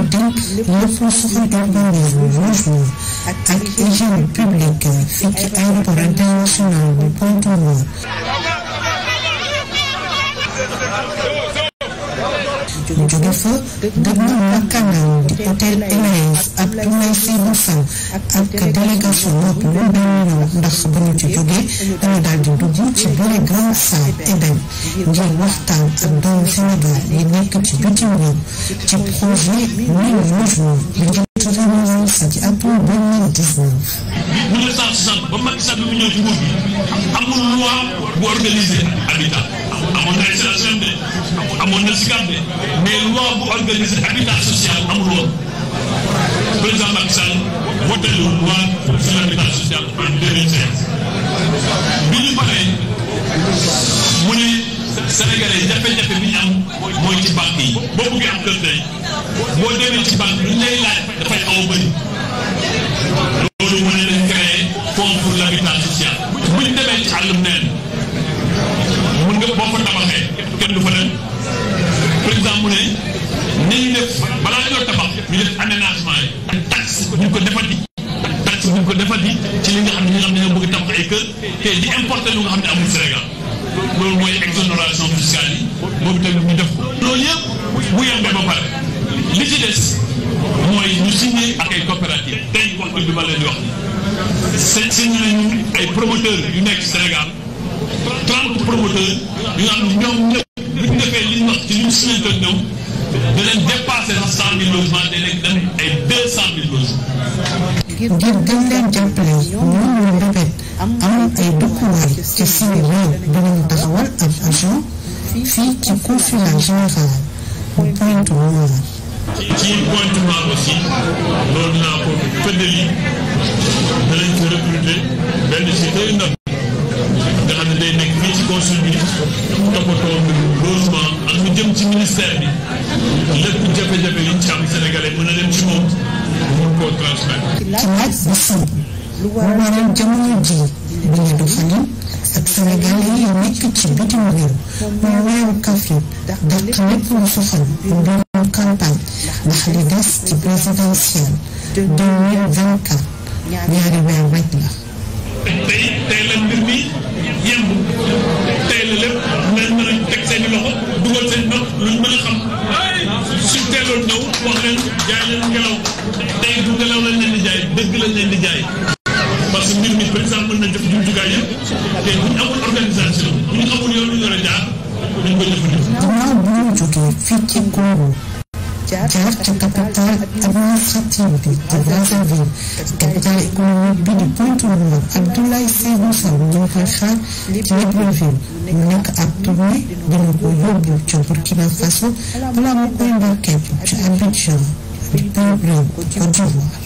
ñoo dénk lépp lu soxla organisme bonjour ak hygiène publique fii ci aéroport international bu pointe au jóge fa déglu makkaanam di hôtel Emirates ak Abdoulaye Seydou Sow ak délégation lu benn yoon ndax bu ñu ci jógee dañu daal di dugg ci biir Grande Salle Eden ngir waxtaan ak doomu Sénégal yi nekk ci bitim réew ci projet mille logements bi atum 2019. 1960 bu organiser habitat amoon na restauration de amoon na SICAP de mais loi bu organiser habitat social amul woon président Macky Sall voté lu loi sur l' habitat social en 2016 bi ñu paree mu ne Sénégalais jafe-jafe bi ñu am mooy ci banque yi boo bëggee am kër tey boo demee ci banque bi ñu lay laaj dafay xaw a bëri. te di importer lu nga xam ne amul Sénégal loolu mooy exonération fiscale moom tamit ñu def ko. loolu yëpp bu yembee ba pare li ci des mooy ñu signé ak ay coopératives tey wax dëgg bi ma leen di wax nii. signé nekk Sénégal trente promoteurs yu nga xam ne ñoom ñëpp defee li wax ci li ñu signé ak ñoom danañ dépassé sax cent mille logements day nekk am ay dëkkuwaay ci Sénégal dinañu taxawal ab agent fii ci consulat général bu Pointe Noire. ci Pointe Noire aussi loolu naa ko fëddali danañ ko recruter benn si day nag nga xam day nekk fii ci consul bi toppatoo mbirum logement ak lu jëm ci ministère bi lépp jafe-jafe yi ci am sénégalais mën a dem ci moom mun koo transmettre. ci laaj bu simple. lu waral jamono ji bi ñu doxalin ak Sénégal yi nekk ci bitim réew moo waral Kaffrine dàq lépp lu soxal mbirum campagne ndax li des ci présidentielle 2024 ñaari weer rek la. xam suñ teeloon ñëw wax leen du ngelaw lañ leen jaay. parce que mbir mi ci Goro jaar ci capital administrative bi di Brazzaville capital économique bi di Pointe-Noire Abdoulaye Seydou ab tournée dina ko yóbbu ci Burkina Faso balaa mu koy mbarkeel ci Abidjan di Pays-Bas